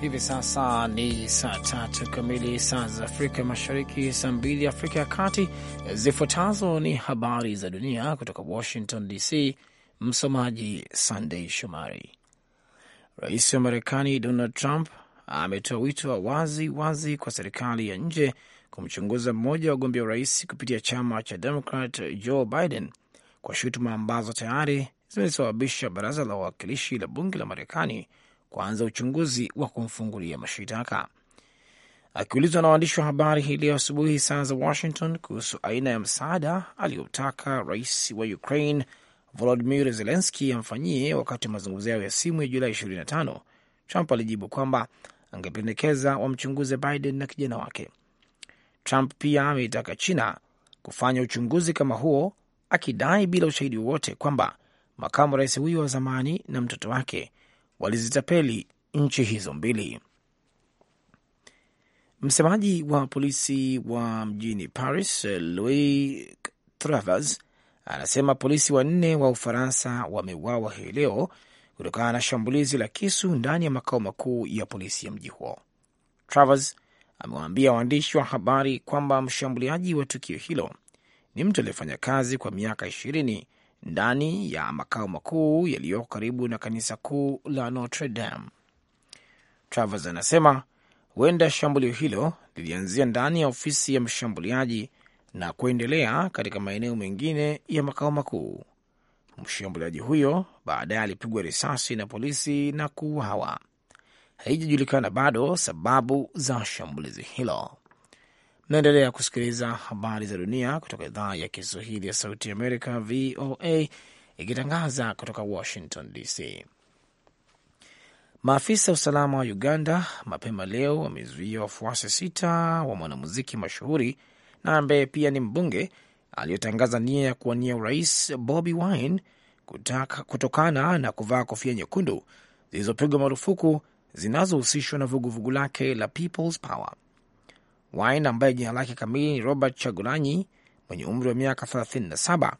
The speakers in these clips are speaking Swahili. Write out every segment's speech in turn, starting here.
Hivi sasa ni saa tatu kamili saa za Afrika Mashariki, saa mbili Afrika ya Kati. Zifuatazo ni habari za dunia kutoka Washington DC. Msomaji Sandei Shomari. Rais wa Marekani Donald Trump ametoa wito wa wazi wazi kwa serikali ya nje kumchunguza mmoja wa wagombea urais kupitia chama cha Demokrat Joe Biden kwa shutuma ambazo tayari zimesababisha baraza la wawakilishi la bunge la Marekani kuanza uchunguzi wa kumfungulia mashitaka. Akiulizwa na waandishi wa habari hii leo asubuhi saa za Washington kuhusu aina ya msaada aliyotaka rais wa Ukraine Volodimir Zelenski amfanyie wakati wa mazungumzo yao ya simu ya Julai 25, Trump alijibu kwamba angependekeza wamchunguze Biden na kijana wake. Trump pia ameitaka China kufanya uchunguzi kama huo, akidai bila ushahidi wowote kwamba makamu rais huyo wa zamani na mtoto wake walizitapeli nchi hizo mbili. Msemaji wa polisi wa mjini Paris, Louis Travers, anasema polisi wanne wa Ufaransa wameuawa hii leo kutokana na shambulizi la kisu ndani ya makao makuu ya polisi ya mji huo. Travers amewaambia waandishi wa habari kwamba mshambuliaji wa tukio hilo ni mtu aliyefanya kazi kwa miaka ishirini ndani ya makao makuu yaliyoko karibu na kanisa kuu la Notre Dame. Travers anasema huenda shambulio hilo lilianzia ndani ya ofisi ya mshambuliaji na kuendelea katika maeneo mengine ya makao makuu. Mshambuliaji huyo baadaye alipigwa risasi na polisi na kuuawa. Haijajulikana bado sababu za shambulizi hilo naendelea kusikiliza habari za dunia kutoka idhaa ya Kiswahili ya Sauti Amerika, VOA, ikitangaza kutoka Washington DC. Maafisa usalama wa Uganda mapema leo wamezuia wafuasi sita wa mwanamuziki mashuhuri na ambaye pia ni mbunge aliyotangaza nia ya kuwania urais Bobi Wine kutokana na kuvaa kofia nyekundu zilizopigwa marufuku zinazohusishwa na vuguvugu lake la People's Power. Wine ambaye jina lake kamili ni Robert Chagulanyi mwenye umri wa miaka 37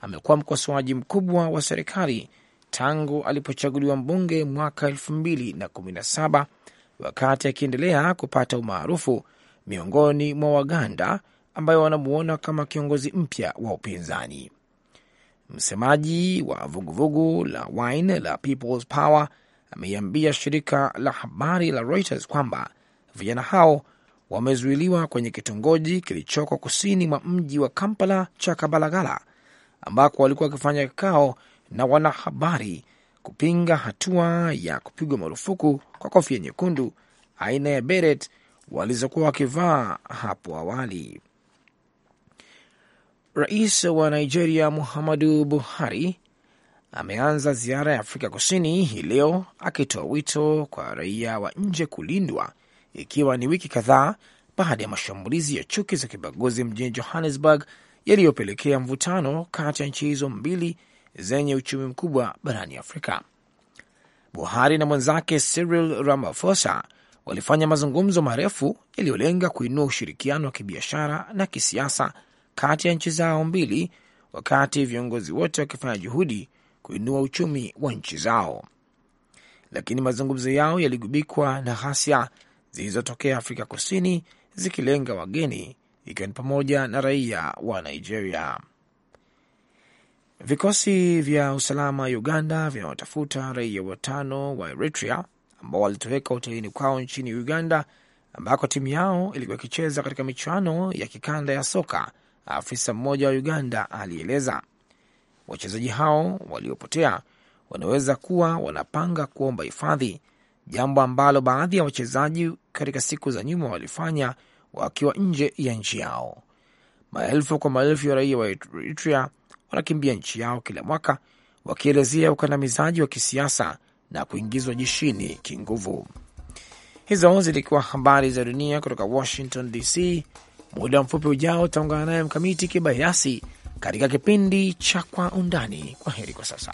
amekuwa mkosoaji mkubwa wa serikali tangu alipochaguliwa mbunge mwaka 2017 wakati akiendelea kupata umaarufu miongoni mwa Waganda ambayo wanamuona kama kiongozi mpya wa upinzani. Msemaji wa vuguvugu vugu la Wine la People's Power ameiambia shirika la habari la Reuters kwamba vijana hao wamezuiliwa kwenye kitongoji kilichoko kusini mwa mji wa Kampala cha Kabalagala, ambako walikuwa wakifanya kikao na wanahabari kupinga hatua ya kupigwa marufuku kwa kofia nyekundu aina ya beret walizokuwa wakivaa hapo awali. Rais wa Nigeria Muhammadu Buhari ameanza ziara ya Afrika Kusini hii leo akitoa wito kwa raia wa nje kulindwa ikiwa ni wiki kadhaa baada ya mashambulizi ya chuki za kibaguzi mjini Johannesburg yaliyopelekea mvutano kati ya nchi hizo mbili zenye uchumi mkubwa barani Afrika. Buhari na mwenzake Cyril Ramaphosa walifanya mazungumzo marefu yaliyolenga kuinua ushirikiano wa kibiashara na kisiasa kati ya nchi zao mbili, wakati viongozi wote wakifanya juhudi kuinua uchumi wa nchi zao, lakini mazungumzo yao yaligubikwa na ghasia zilizotokea Afrika Kusini zikilenga wageni ikiwa ni pamoja na raia wa Nigeria. Vikosi vya usalama Uganda vinaotafuta raia watano wa Eritrea ambao walitoweka hotelini kwao nchini Uganda ambako timu yao ilikuwa ikicheza katika michuano ya kikanda ya soka. Afisa mmoja wa Uganda alieleza wachezaji hao waliopotea wanaweza kuwa wanapanga kuomba hifadhi jambo ambalo baadhi ya wachezaji katika siku za nyuma walifanya wakiwa nje ya nchi yao. Maelfu kwa maelfu ya raia wa Eritrea wanakimbia nchi yao kila mwaka, wakielezea ukandamizaji wa kisiasa na kuingizwa jeshini kinguvu. Hizo zilikuwa habari za dunia kutoka Washington DC. Muda mfupi ujao utaungana naye Mkamiti Kibayasi katika kipindi cha Kwa Undani. Kwa heri kwa sasa.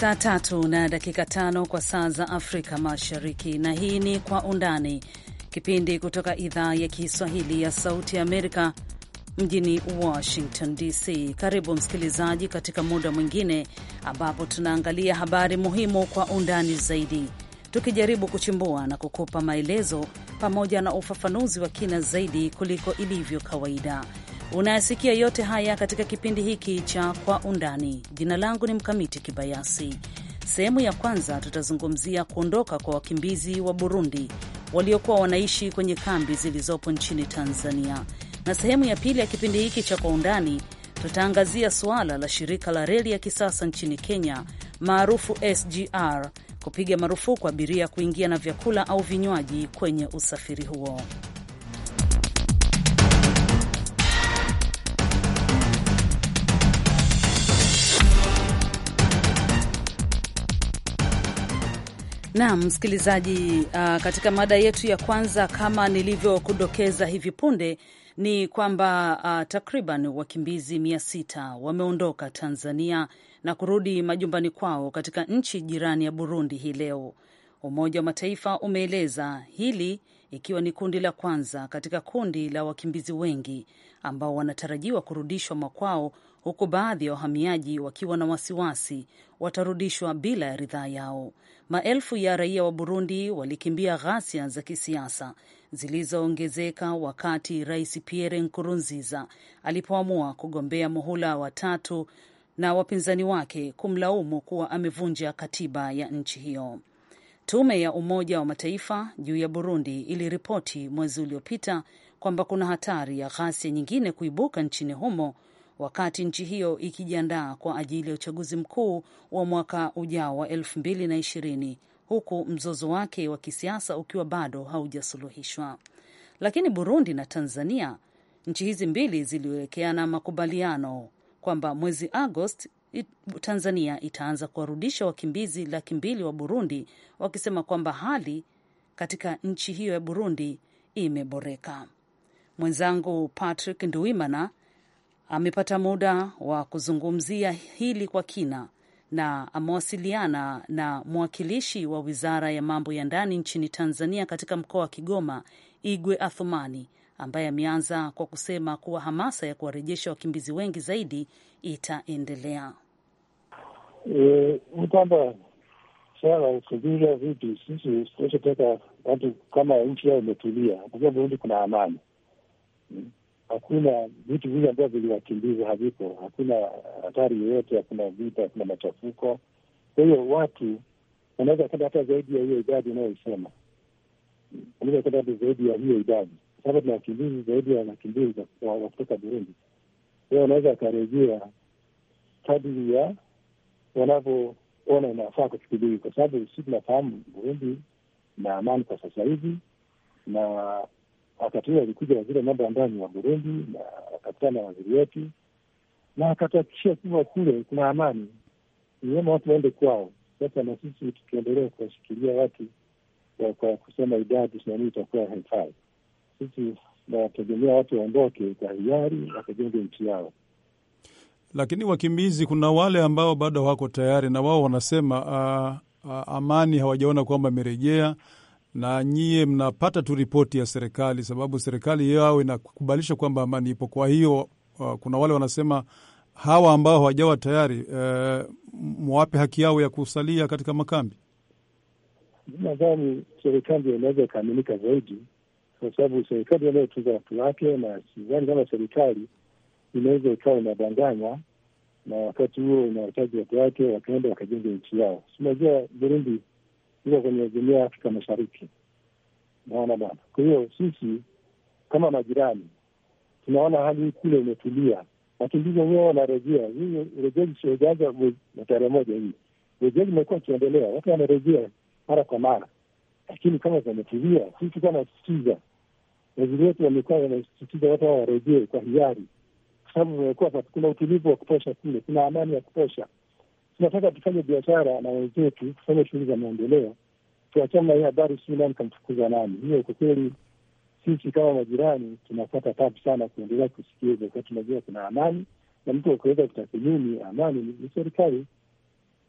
Saa tatu na dakika tano kwa saa za Afrika Mashariki, na hii ni Kwa Undani, kipindi kutoka idhaa ya Kiswahili ya Sauti ya Amerika mjini Washington DC. Karibu msikilizaji, katika muda mwingine ambapo tunaangalia habari muhimu kwa undani zaidi, tukijaribu kuchimbua na kukupa maelezo pamoja na ufafanuzi wa kina zaidi kuliko ilivyo kawaida. Unayasikia yote haya katika kipindi hiki cha Kwa Undani. Jina langu ni Mkamiti Kibayasi. Sehemu ya kwanza tutazungumzia kuondoka kwa wakimbizi wa Burundi waliokuwa wanaishi kwenye kambi zilizopo nchini Tanzania, na sehemu ya pili ya kipindi hiki cha Kwa Undani tutaangazia suala la shirika la reli ya kisasa nchini Kenya maarufu SGR kupiga marufuku abiria kuingia na vyakula au vinywaji kwenye usafiri huo. Naam msikilizaji, uh, katika mada yetu ya kwanza kama nilivyokudokeza hivi punde ni kwamba uh, takriban wakimbizi mia sita wameondoka Tanzania na kurudi majumbani kwao katika nchi jirani ya Burundi hii leo. Umoja wa Mataifa umeeleza hili ikiwa ni kundi la kwanza katika kundi la wakimbizi wengi ambao wanatarajiwa kurudishwa makwao huku baadhi ya wahamiaji wakiwa na wasiwasi watarudishwa bila ya ridhaa yao. Maelfu ya raia wa Burundi walikimbia ghasia za kisiasa zilizoongezeka wakati Rais Pierre Nkurunziza alipoamua kugombea muhula wa tatu na wapinzani wake kumlaumu kuwa amevunja katiba ya nchi hiyo. Tume ya Umoja wa Mataifa juu ya Burundi iliripoti mwezi uliopita kwamba kuna hatari ya ghasia nyingine kuibuka nchini humo wakati nchi hiyo ikijiandaa kwa ajili ya uchaguzi mkuu wa mwaka ujao wa 2020 huku mzozo wake wa kisiasa ukiwa bado haujasuluhishwa. Lakini Burundi na Tanzania, nchi hizi mbili ziliwekeana makubaliano kwamba mwezi Agosti Tanzania itaanza kuwarudisha wakimbizi laki mbili wa Burundi, wakisema kwamba hali katika nchi hiyo ya Burundi imeboreka. Mwenzangu Patrick Nduwimana amepata muda wa kuzungumzia hili kwa kina na amewasiliana na mwakilishi wa wizara ya mambo ya ndani nchini Tanzania katika mkoa wa Kigoma, Igwe Athumani, ambaye ameanza kwa kusema kuwa hamasa ya kuwarejesha wakimbizi wengi zaidi itaendelea. E, ni kwamba swala kuzuia vitu sisi tunachotaka watu kama nchi yao imetulia, kwa Burundi kuna amani hmm hakuna vitu vile ambavyo viliwakimbiza haviko, hakuna hatari yoyote, hakuna vita, hakuna machafuko. Kwa hiyo watu wanaweza kwenda hata zaidi ya hiyo idadi unayoisema, wanaweza kwenda hata zaidi ya hiyo idadi, kwa sababu tuna wakimbizi zaidi ya wakimbizi wa kutoka Burundi. Kwa hiyo wanaweza wakarejea kadiri ya wanavyoona inafaa kuchukuliwa, kwa sababu si tunafahamu Burundi na amani kwa sasa hivi na Wakati huo alikuja waziri wa mambo ya ndani wa Burundi na wakakutana na waziri wetu na akatuhakikishia kuwa kule kuna amani, ni vyema watu waende kwao. Sasa na sisi tukiendelea kuwashikilia watu kwa kusema idadi nanii itakuwa haifai. Sisi nawategemea watu waondoke kwa hiari wakajenge nchi yao. Lakini wakimbizi, kuna wale ambao bado wako tayari, na wao wanasema uh, uh, amani hawajaona kwamba imerejea na nyie mnapata tu ripoti ya serikali, sababu serikali yao inakubalisha kwamba amani ipo. Kwa hiyo uh, kuna wale wanasema hawa ambao hawajawa tayari uh, mwape haki yao ya kusalia katika makambi. Nadhani serikali inaweza ikaaminika zaidi, kwa sababu serikali inayotunza watu wake, na sidhani kama serikali inaweza ikawa inadanganywa na wakati huo wataji watu wake wakaenda wakajenga nchi yao. Unajua Burundi iko kwenye jumuia ya Afrika Mashariki. Naona bwana. Kwa hiyo sisi kama majirani tunaona hali hii kule imetulia, wakimbizi wenyewe wanarejea. urejezi siojaza na tarehe moja hii, urejezi umekuwa ukiendelea, watu wanarejea mara kwa mara, lakini kama zimetulia, sisi kama sikiza waziri wetu wamekuwa wanasisitiza watu hawa warejee kwa hiari, kwa sababu wamekuwa kuna utulivu wa kutosha kule, kuna amani ya kutosha tunataka tufanye biashara na wenzetu, tufanye shughuli za maendeleo, tuachana hii habari sijui nani kamfukuza nani. Hiyo kwa kweli sisi kama majirani tunapata tabu sana kuendelea kusikiza, kwa tunajua kuna amani na mtu wakuweza kutathimini amani ni serikali.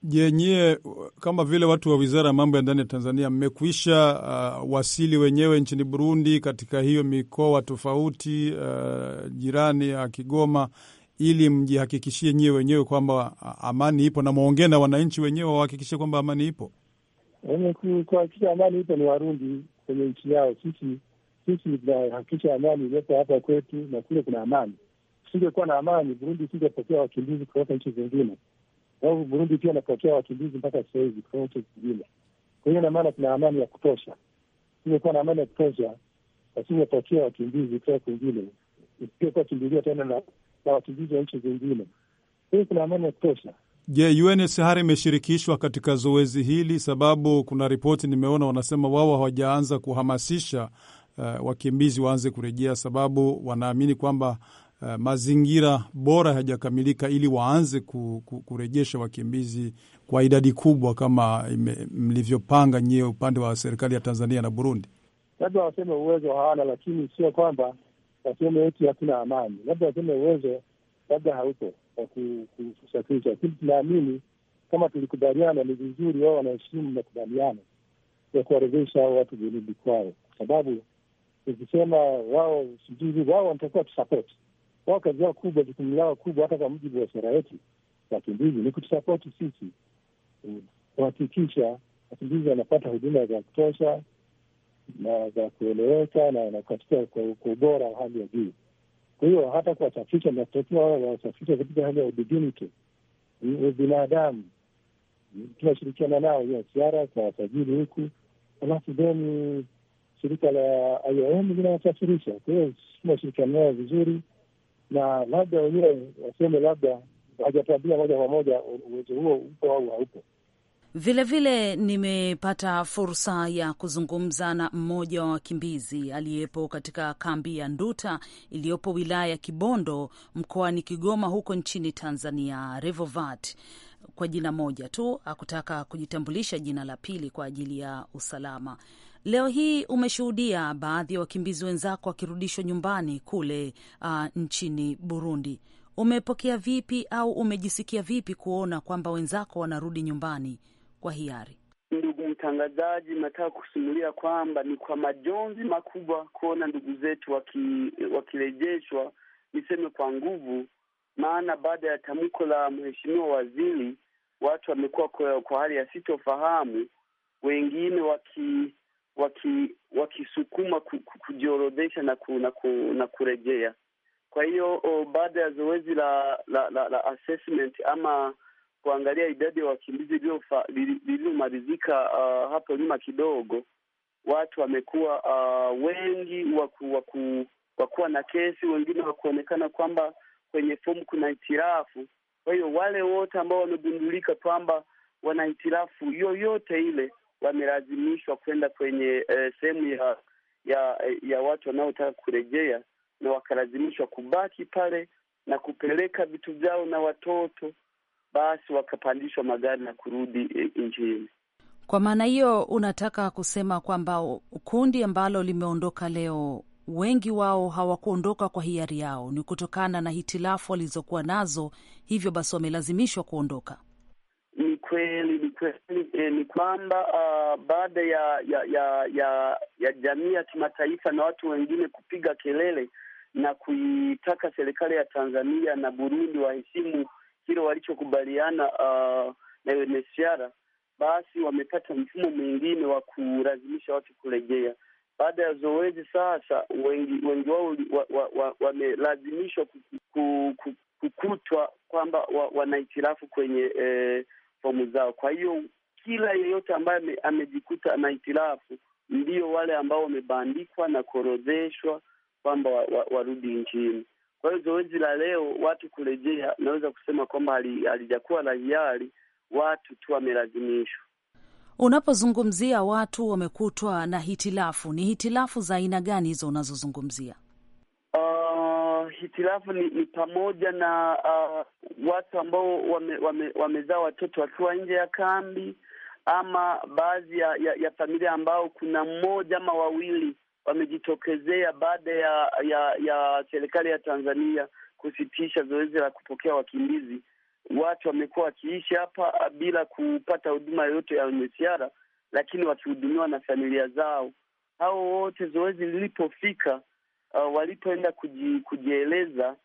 Je, nyie kama vile watu wa wizara ya mambo ya ndani ya Tanzania mmekwisha uh, wasili wenyewe nchini Burundi katika hiyo mikoa tofauti uh, jirani ya Kigoma ili mjihakikishie nyie wenyewe kwamba amani ipo, na mwongee na wananchi wenyewe wahakikishie kwamba amani ipo. Kuhakikisha amani ipo ni Warundi kwenye nchi yao. Sisi sisi tunahakikisha amani iliyopo hapa kwetu na kule kuna amani. Tusingekuwa na amani, Burundi isingepokea wakimbizi kutoka nchi zingine, sababu Burundi pia anapokea wakimbizi mpaka sasa hivi kutoka nchi zingine. Kwa hiyo ina maana kuna amani ya kutosha. Tusingekuwa na amani ya kutosha, wasingepokea wakimbizi kutoka kwingine, isingekuwa kimbilia tena na na wakimbizi wa nchi zingine. Hii kuna amani ya kutosha. Je, UNHCR imeshirikishwa katika zoezi hili? Sababu kuna ripoti nimeona wanasema wao hawajaanza kuhamasisha uh, wakimbizi waanze kurejea, sababu wanaamini kwamba uh, mazingira bora hayajakamilika ili waanze ku, ku, kurejesha wakimbizi kwa idadi kubwa kama mlivyopanga nyie upande wa serikali ya Tanzania na Burundi. Labda waseme uwezo hawana, lakini sio kwamba waseme eti hakuna amani, labda waseme uwezo labda haupo wa kusafirisha, lakini tunaamini kama tulikubaliana, ni vizuri wao wanaheshimu makubaliano ya kuwarejesha hao watu junubi kwao, kwa sababu ukisema wao sijui wao wanatakiwa tusapoti wao, kazi yao kubwa, jukumu lao kubwa, hata kwa mujibu wa sera yetu wakimbizi ni kutusapoti sisi, kuhakikisha wakimbizi wanapata huduma za kutosha na za kueleweka na katika kwa ubora wa hali ya juu. Kwa hiyo hata kuwasafisha, natakiwa wasafisha katika hali ya dignity, binadamu. Tunashirikiana nao siara kwa wasajili huku, alafu then shirika la IOM linawasafirisha. Kwa hiyo tunashirikiana nao vizuri, na labda wenyewe waseme, labda hajatuambia moja kwa moja uwezo huo upo au haupo Vilevile nimepata fursa ya kuzungumza na mmoja wa wakimbizi aliyepo katika kambi ya Nduta iliyopo wilaya ya Kibondo mkoani Kigoma huko nchini Tanzania, Revovat kwa jina moja tu, akutaka kujitambulisha jina la pili kwa ajili ya usalama. Leo hii umeshuhudia baadhi ya wa wakimbizi wenzako wakirudishwa nyumbani kule uh, nchini Burundi. Umepokea vipi au umejisikia vipi kuona kwamba wenzako wanarudi nyumbani? kwa hiari. Ndugu mtangazaji, nataka kusimulia kwamba ni kwa majonzi makubwa kuona ndugu zetu waki, wakirejeshwa, niseme kwa nguvu, maana baada ya tamko la mheshimiwa waziri watu wamekuwa kwa, kwa hali ya sitofahamu, wengine waki waki wakisukuma kujiorodhesha na, ku, na, ku, na kurejea. Kwa hiyo oh, baada ya zoezi la, la, la, la assessment ama kuangalia idadi ya wakimbizi lililomalizika uh, hapo nyuma kidogo, watu wamekuwa uh, wengi waku, waku, wakuwa na kesi, wengine wakuonekana kwamba kwenye fomu kuna hitirafu Kwa hiyo wale wote ambao wamegundulika kwamba wana hitirafu yoyote ile wamelazimishwa kwenda kwenye eh, sehemu ya ya ya watu wanaotaka kurejea, na wakalazimishwa kubaki pale na kupeleka vitu vyao na watoto basi wakapandishwa magari na kurudi eh, nchini. Kwa maana hiyo, unataka kusema kwamba kundi ambalo limeondoka leo, wengi wao hawakuondoka kwa hiari yao, ni kutokana na hitilafu walizokuwa nazo, hivyo basi wamelazimishwa kuondoka. Ni kweli, ni kweli, eh, ni kwamba uh, baada ya ya ya ya, ya jamii ya kimataifa na watu wengine kupiga kelele na kuitaka serikali ya Tanzania na Burundi waheshimu kile walichokubaliana uh, na UNHCR, basi wamepata mfumo mwingine wa kulazimisha watu kurejea. Baada ya zoezi sasa, wengi wengi wao wamelazimishwa wa, wa, wa kukutwa kwamba wanahitilafu wa kwenye eh, fomu zao. Kwa hiyo kila yeyote ambaye amejikuta itirafu ndio wale ambao wamebandikwa na kuorodheshwa kwamba warudi wa, wa nchini. Kwa hiyo zoezi la leo watu kurejea, naweza kusema kwamba halijakuwa la hiari, watu tu wamelazimishwa. Unapozungumzia watu wamekutwa na hitilafu, ni hitilafu za aina gani hizo unazozungumzia? Uh, hitilafu ni, ni pamoja na uh, watu ambao wamezaa wame, wame watoto wakiwa nje ya kambi ama baadhi ya, ya, ya familia ambao kuna mmoja ama wawili wamejitokezea baada ya ya ya serikali ya Tanzania kusitisha zoezi la kupokea wakimbizi. Watu wamekuwa wakiishi hapa bila kupata huduma yoyote ya UNHCR, lakini wakihudumiwa na familia zao. Hao wote zoezi lilipofika, uh, walipoenda kuji, kujieleza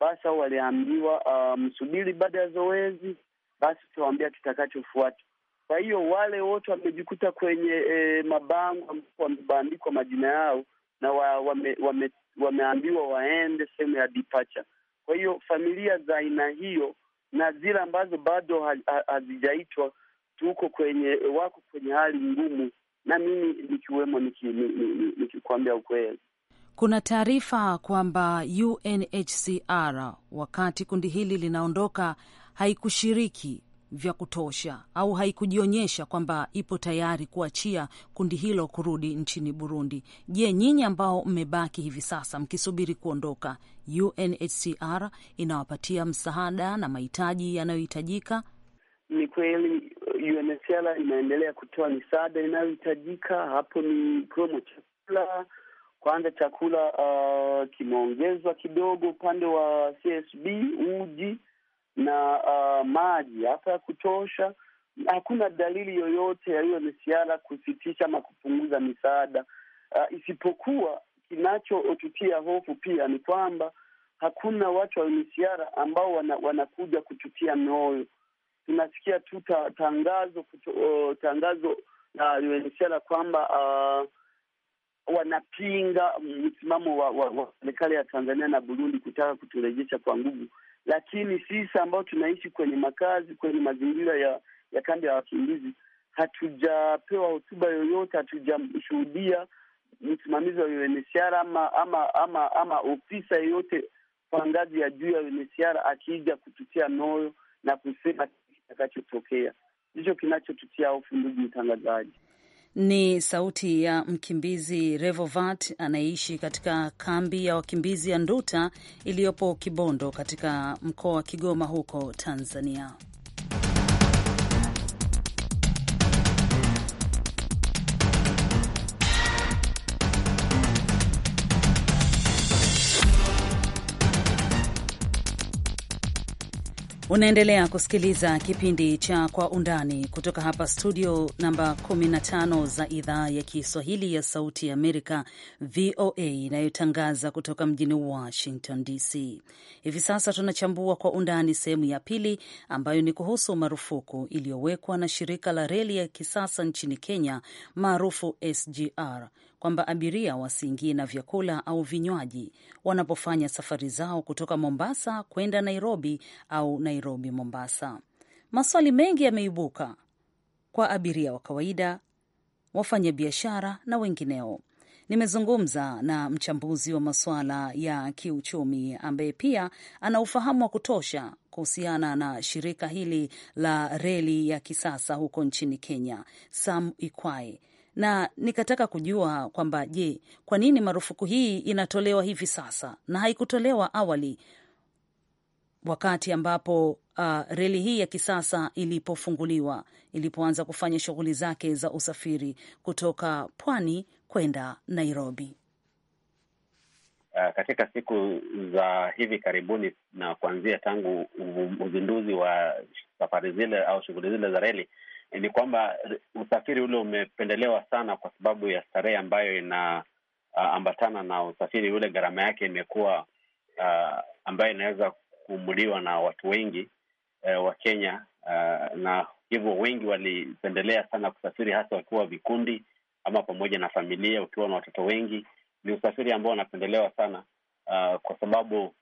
basi au waliambiwa, uh, msubiri baada ya zoezi, basi tutawaambia kitakachofuata. Kwa hiyo wale wote wamejikuta kwenye e, mabango ambapo wamebandikwa majina yao na wa, wame, wame, wameambiwa waende sehemu ya departure. Kwa hiyo familia za aina hiyo na zile ambazo bado hazijaitwa tuko kwenye wako kwenye hali ngumu, na mimi nikiwemo, niki ukweli. Kuna taarifa kwamba UNHCR wakati kundi hili linaondoka haikushiriki vya kutosha au haikujionyesha kwamba ipo tayari kuachia kundi hilo kurudi nchini Burundi. Je, nyinyi ambao mmebaki hivi sasa mkisubiri kuondoka, UNHCR inawapatia msaada na mahitaji yanayohitajika? Ni kweli UNHCR inaendelea kutoa misaada inayohitajika. Hapo ni kiwemo chakula. Kwanza chakula uh, kimeongezwa kidogo upande wa CSB uji na uh, maji hasa ya kutosha. Hakuna dalili yoyote ya hiyo misiara kusitisha ama kupunguza misaada uh, isipokuwa kinachotutia hofu pia ni kwamba hakuna watu wa misiara ambao wana, wanakuja kututia noyo Tunasikia tu tangazo kuto, uh, tangazo la uh, UNHCR kwamba uh, wanapinga msimamo wa serikali wa, wa, ya Tanzania na Burundi kutaka kuturejesha kwa nguvu lakini sisi ambao tunaishi kwenye makazi, kwenye mazingira ya ya kambi ya wakimbizi hatujapewa hotuba yoyote, hatujashuhudia msimamizi wa UNHCR ama ama ama ama ofisa yeyote kwa ngazi ya juu ya UNHCR akija kututia moyo na kusema kitakachotokea. Ndicho kinachotutia hofu, ndugu mtangazaji. Ni sauti ya mkimbizi Revovat anayeishi katika kambi ya wakimbizi ya Nduta iliyopo Kibondo katika mkoa wa Kigoma huko Tanzania. Unaendelea kusikiliza kipindi cha Kwa Undani kutoka hapa studio namba 15 za idhaa ya Kiswahili ya Sauti ya Amerika, VOA, inayotangaza kutoka mjini Washington DC. Hivi sasa tunachambua kwa undani sehemu ya pili, ambayo ni kuhusu marufuku iliyowekwa na shirika la reli ya kisasa nchini Kenya, maarufu SGR, kwamba abiria wasiingie na vyakula au vinywaji wanapofanya safari zao kutoka Mombasa kwenda Nairobi au Nairobi Mombasa. Maswali mengi yameibuka kwa abiria wa kawaida, wafanyabiashara na wengineo. Nimezungumza na mchambuzi wa masuala ya kiuchumi ambaye pia ana ufahamu wa kutosha kuhusiana na shirika hili la reli ya kisasa huko nchini Kenya, Sam Ikwai na nikataka kujua kwamba je, kwa nini marufuku hii inatolewa hivi sasa na haikutolewa awali wakati ambapo uh, reli hii ya kisasa ilipofunguliwa, ilipoanza kufanya shughuli zake za usafiri kutoka pwani kwenda Nairobi. Uh, katika siku za hivi karibuni na kuanzia tangu uzinduzi wa safari zile au shughuli zile za reli Eh, ni kwamba usafiri ule umependelewa sana kwa sababu ya starehe ambayo inaambatana ah, uh, na usafiri ule. Gharama yake imekuwa uh, ambayo inaweza kuumuliwa na watu wengi uh, wa Kenya uh, na hivyo wengi walipendelea sana kusafiri, hasa wakiwa vikundi ama pamoja na familia. Ukiwa na watoto wengi, ni usafiri ambao wanapendelewa sana uh, kwa sababu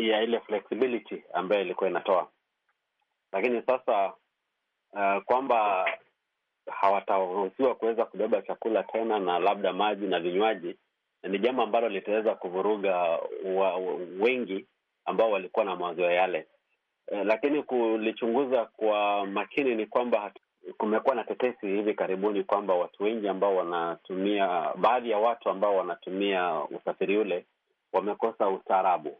ya ile flexibility ambayo ilikuwa inatoa, lakini sasa uh, kwamba hawataruhusiwa kuweza kubeba chakula tena na labda maji na vinywaji, ni jambo ambalo litaweza kuvuruga wengi ambao walikuwa na mawazo yale. e, lakini kulichunguza kwa makini ni kwamba kumekuwa na tetesi hivi karibuni kwamba watu wengi ambao wanatumia, baadhi ya watu ambao wanatumia usafiri ule wamekosa ustaarabu.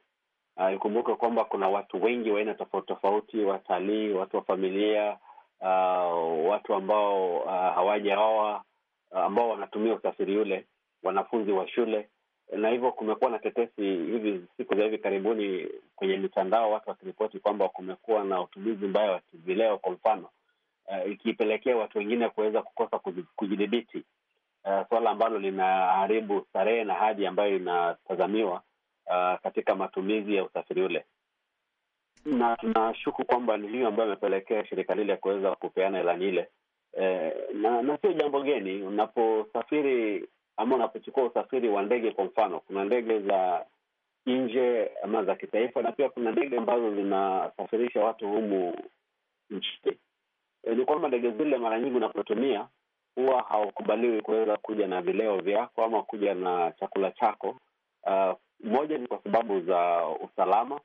Eh, ikumbuke kwamba kuna watu wengi waaina tofauti tofauti, watalii, watu wa familia, uh, watu ambao uh, hawajaoa uh, ambao wanatumia usafiri ule, wanafunzi wa shule na hivyo kumekuwa na tetesi hivi siku za hivi karibuni kwenye mitandao, watu wakiripoti kwamba kumekuwa na utumizi mbaya wa kivileo kwa mfano, uh, ikipelekea watu wengine kuweza kukosa kujidhibiti, uh, suala ambalo linaharibu starehe na hadi ambayo inatazamiwa uh, katika matumizi ya usafiri ule na tunashuku kwamba ni hiyo ambayo imepelekea shirika lile kuweza kupeana ilani ile e, na, na sio jambo geni unaposafiri ama unapochukua usafiri wa ndege. Kwa mfano, kuna ndege za nje ama za kitaifa na pia kuna ndege ambazo zinasafirisha watu humu nchini. E, ni kwamba ndege zile mara nyingi unapotumia huwa haukubaliwi kuweza kuja na vileo vyako ama kuja na chakula chako. Uh, moja ni kwa sababu za usalama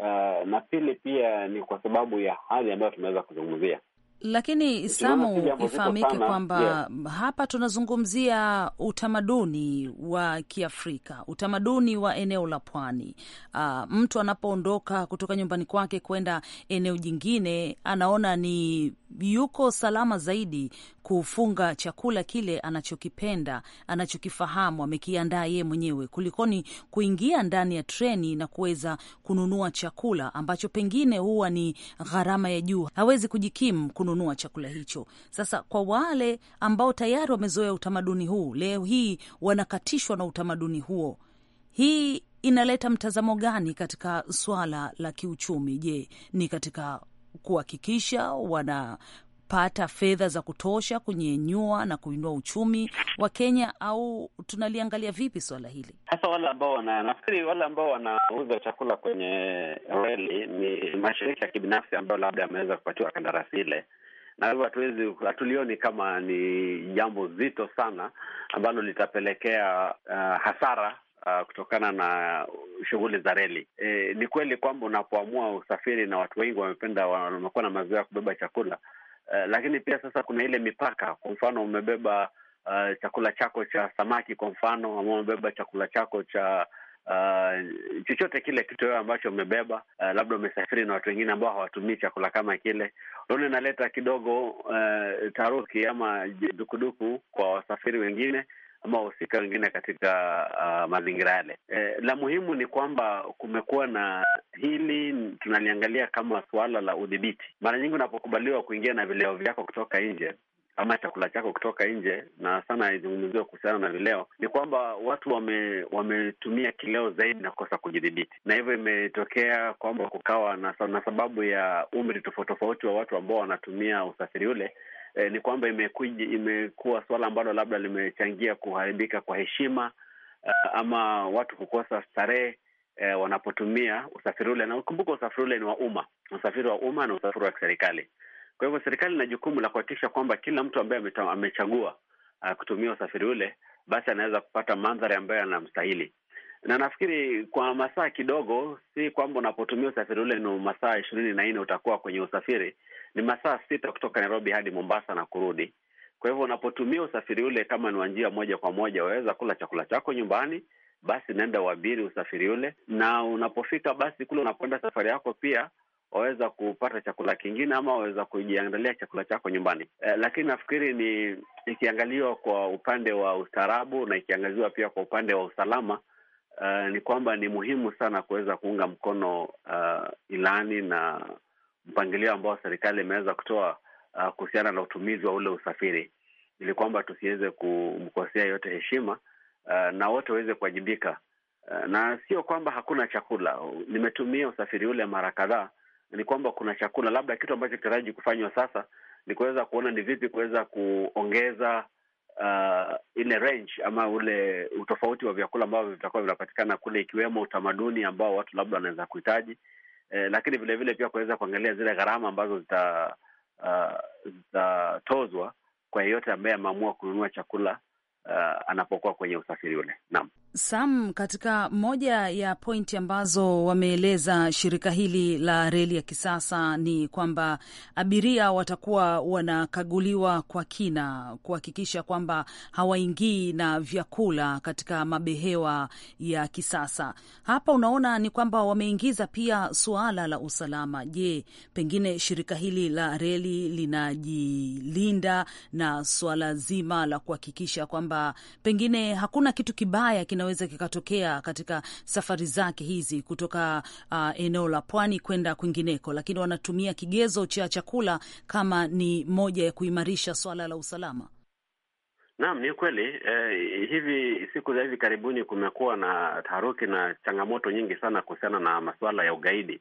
Eh, na pili pia ni kwa sababu ya hali ambayo tumeweza kuzungumzia. Lakini Samu, ifahamike kwamba yeah, hapa tunazungumzia utamaduni wa Kiafrika, utamaduni wa eneo la pwani. Uh, mtu anapoondoka kutoka nyumbani kwake kwenda eneo jingine, anaona ni yuko salama zaidi kufunga chakula kile anachokipenda, anachokifahamu, amekiandaa yeye mwenyewe, kulikoni kuingia ndani ya treni na kuweza kununua chakula ambacho pengine huwa ni gharama ya juu, hawezi kujikimu kununua kununua chakula hicho. Sasa kwa wale ambao tayari wamezoea utamaduni huu, leo hii wanakatishwa na utamaduni huo, hii inaleta mtazamo gani katika swala la kiuchumi? Je, ni katika kuhakikisha wanapata fedha za kutosha kunyenyua na kuinua uchumi wa Kenya, au tunaliangalia vipi swala hili? Hasa wale ambao wana, nafikiri wale ambao wanauza chakula kwenye reli ni mashirika ya kibinafsi ambayo labda yameweza kupatiwa kandarasi ile na hivyo hatuwezi hatulioni kama ni jambo zito sana ambalo litapelekea uh, hasara Uh, kutokana na shughuli za reli e, ni kweli kwamba unapoamua usafiri na watu wengi wamependa wamekuwa na mazoea ya kubeba chakula uh, lakini pia sasa kuna ile mipaka. Kwa mfano umebeba uh, chakula chako cha samaki, kwa mfano ama umebeba chakula chako cha uh, chochote kile kitu wewe ambacho umebeba, uh, labda umesafiri na watu wengine ambao hawatumii chakula kama kile, unaona inaleta kidogo uh, taharuki ama dukuduku kwa wasafiri wengine ama wahusika wengine katika uh, mazingira yale. E, la muhimu ni kwamba kumekuwa na hili, tunaliangalia kama suala la udhibiti. Mara nyingi unapokubaliwa kuingia na vileo vyako kutoka nje, ama chakula chako kutoka nje, na sana haizungumziwa kuhusiana na vileo, ni kwamba watu wame, wametumia kileo zaidi na kukosa kujidhibiti, na hivyo imetokea kwamba kukawa na, na sababu ya umri tofauti tofauti wa watu ambao wanatumia usafiri ule. E, ni kwamba imekuwa suala ambalo labda limechangia kuharibika kwa heshima eh, ama watu kukosa starehe e, wanapotumia usafiri ule, na ukumbuka usafiri ule ni wa umma, usafiri wa umma na usafiri wa kiserikali. Kwa hivyo serikali ina jukumu la kuhakikisha kwamba kila mtu ambaye amechagua uh, kutumia usafiri ule basi anaweza kupata mandhari ambayo yanamstahili na nafikiri kwa masaa kidogo, si kwamba unapotumia usafiri ule ni masaa ishirini na nne utakuwa kwenye usafiri, ni masaa sita kutoka Nairobi hadi Mombasa na kurudi. Kwa hivyo unapotumia usafiri ule kama ni wa njia moja kwa moja, waweza kula chakula chako nyumbani, basi naenda uabiri usafiri ule, na unapofika basi kule unapoenda safari yako, pia waweza kupata chakula kingine ama waweza kujiangalia chakula chako nyumbani. Eh, lakini nafikiri ni ikiangaliwa kwa upande wa ustaarabu na ikiangaziwa pia kwa upande wa usalama eh, ni kwamba ni muhimu sana kuweza kuunga mkono eh, ilani na mpangilio ambao serikali imeweza kutoa eh, kuhusiana na utumizi wa ule usafiri ili kwamba tusiweze kumkosea yote heshima uh, na wote waweze kuwajibika eh, na sio kwamba hakuna chakula. Nimetumia usafiri ule mara kadhaa ni kwamba kuna chakula, labda kitu ambacho kitaraji kufanywa sasa ni kuweza kuona ni vipi kuweza kuongeza uh, ile range ama ule utofauti wa vyakula ambavyo vitakuwa vinapatikana kule, ikiwemo utamaduni ambao watu labda wanaweza kuhitaji eh, lakini vilevile vile pia kuweza kuangalia zile gharama ambazo zitatozwa uh, zitatozwa kwa yeyote ambaye ameamua kununua chakula uh, anapokuwa kwenye usafiri ule. Naam. Sam, katika moja ya pointi ambazo wameeleza shirika hili la reli ya kisasa ni kwamba abiria watakuwa wanakaguliwa kwa kina kuhakikisha kwamba hawaingii na vyakula katika mabehewa ya kisasa. Hapa unaona ni kwamba wameingiza pia suala la usalama. Je, pengine shirika hili la reli linajilinda na suala zima la kuhakikisha kwamba pengine hakuna kitu kibaya kina kinaweza kikatokea katika safari zake hizi kutoka uh, eneo la pwani kwenda kwingineko, lakini wanatumia kigezo cha chakula kama ni moja ya kuimarisha swala la usalama. Naam, ni kweli eh, hivi siku za hivi karibuni kumekuwa na taharuki na changamoto nyingi sana kuhusiana na masuala ya ugaidi,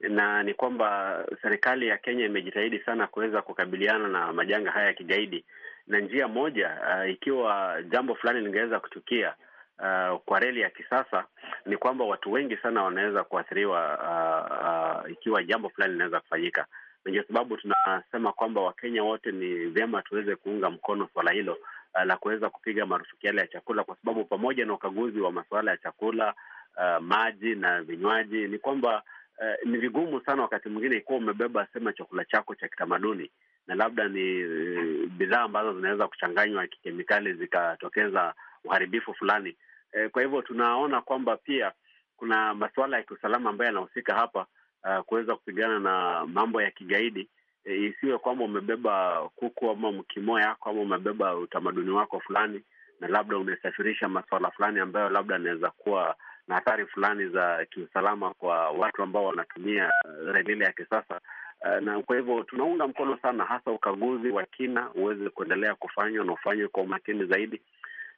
na ni kwamba serikali ya Kenya imejitahidi sana kuweza kukabiliana na majanga haya ya kigaidi, na njia moja uh, ikiwa jambo fulani lingeweza kuchukia uh, kwa reli ya kisasa ni kwamba watu wengi sana wanaweza kuathiriwa uh, uh, ikiwa jambo fulani linaweza kufanyika, na ndio sababu tunasema kwamba Wakenya wote ni vyema tuweze kuunga mkono suala hilo uh, la kuweza kupiga marufuku yale ya chakula, kwa sababu pamoja na ukaguzi wa masuala ya chakula uh, maji na vinywaji ni kwamba Uh, ni vigumu sana wakati mwingine ikuwa umebeba sema chakula chako cha kitamaduni na labda ni uh, bidhaa ambazo zinaweza kuchanganywa kikemikali zikatokeza uharibifu fulani. E, kwa hivyo tunaona kwamba pia kuna masuala ya kiusalama ambayo yanahusika hapa, uh, kuweza kupigana na mambo ya kigaidi. E, isiwe kwamba umebeba kuku ama mkimo yako ama umebeba utamaduni wako fulani, na labda umesafirisha masuala fulani ambayo labda anaweza kuwa na hatari fulani za kiusalama kwa watu ambao wanatumia relile ya kisasa. Na kwa hivyo tunaunga mkono sana, hasa ukaguzi wa kina uweze kuendelea kufanywa na ufanywe kwa umakini zaidi,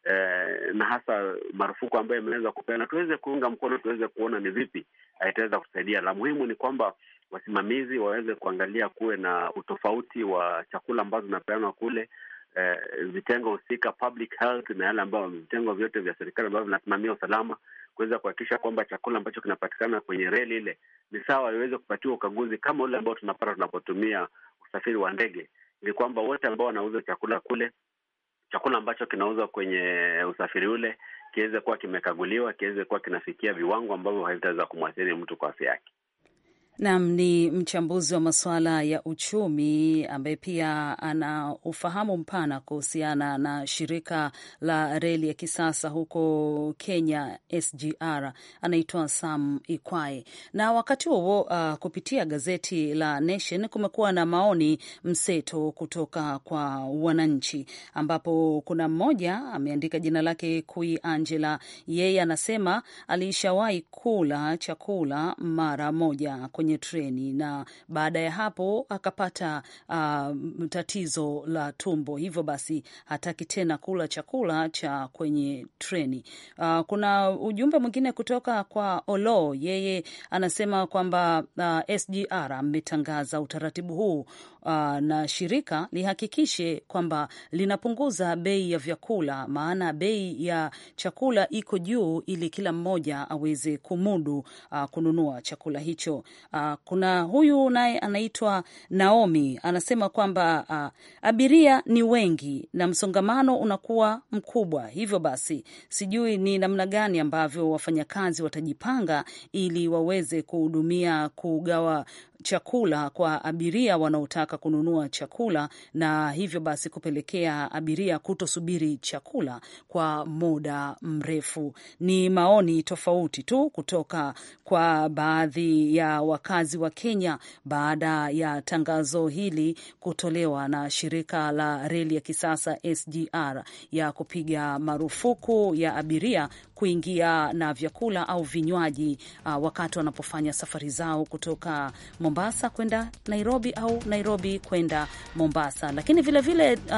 eh, na hasa marufuku ambayo imeweza kupeana, tuweze kuunga mkono, tuweze kuona ni vipi eh, itaweza kusaidia. La muhimu ni kwamba wasimamizi waweze kuangalia kuwe na utofauti wa chakula ambazo zinapeanwa kule eh, vitengo eh, husika public health na yale ambayo vitengo vyote vya serikali ambavyo vinasimamia usalama kuweza kuhakikisha kwamba chakula ambacho kinapatikana kwenye reli ile ni sawa, iweze kupatiwa ukaguzi kama ule ambao tunapata tunapotumia usafiri wa ndege, ili kwamba wote ambao wanauza chakula kule chakula ambacho kinauzwa kwenye usafiri ule kiweze kuwa kimekaguliwa, kiweze kuwa kinafikia viwango ambavyo havitaweza kumwathiri mtu kwa afya yake. Nam ni mchambuzi wa masuala ya uchumi ambaye pia ana ufahamu mpana kuhusiana na shirika la reli ya kisasa huko Kenya, SGR. Anaitwa Sam Ikwae. Na wakati huo uh, kupitia gazeti la Nation kumekuwa na maoni mseto kutoka kwa wananchi, ambapo kuna mmoja ameandika jina lake Kui Angela. Yeye anasema alishawahi kula chakula mara moja kwenye kwenye treni, na baada ya hapo akapata uh, tatizo la tumbo, hivyo basi hataki tena kula chakula cha kwenye treni. Uh, kuna ujumbe mwingine kutoka kwa Olo, yeye anasema kwamba uh, ah, SGR ametangaza utaratibu huu uh, na shirika lihakikishe kwamba linapunguza bei ya vyakula, maana bei ya chakula iko juu, ili kila mmoja aweze kumudu uh, kununua chakula hicho. Uh, kuna huyu naye anaitwa Naomi anasema kwamba uh, abiria ni wengi na msongamano unakuwa mkubwa, hivyo basi sijui ni namna gani ambavyo wafanyakazi watajipanga ili waweze kuhudumia kugawa chakula kwa abiria wanaotaka kununua chakula, na hivyo basi kupelekea abiria kutosubiri chakula kwa muda mrefu. Ni maoni tofauti tu kutoka kwa baadhi ya wakazi wa Kenya baada ya tangazo hili kutolewa na shirika la reli ya kisasa SGR ya kupiga marufuku ya abiria kuingia na vyakula au vinywaji uh, wakati wanapofanya safari zao kutoka Mombasa kwenda Nairobi au Nairobi kwenda Mombasa. Lakini vilevile vile,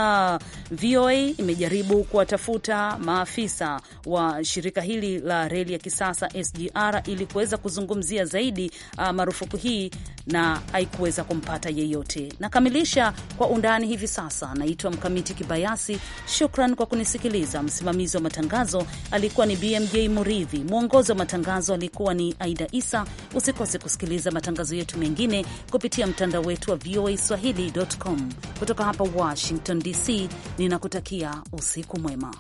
uh, VOA imejaribu kuwatafuta maafisa wa shirika hili la reli ya kisasa SGR ili kuweza kuzungumzia zaidi uh, marufuku hii na haikuweza kumpata yeyote. Nakamilisha kwa undani hivi sasa. Naitwa Mkamiti Kibayasi, shukran kwa kunisikiliza. Msimamizi wa matangazo alikuwa ni B BMJ Muridhi, mwongozi wa matangazo alikuwa ni Aida Isa. Usikose kusikiliza matangazo yetu mengine kupitia mtandao wetu wa VOA Swahili.com. Kutoka hapa Washington DC, ninakutakia usiku mwema.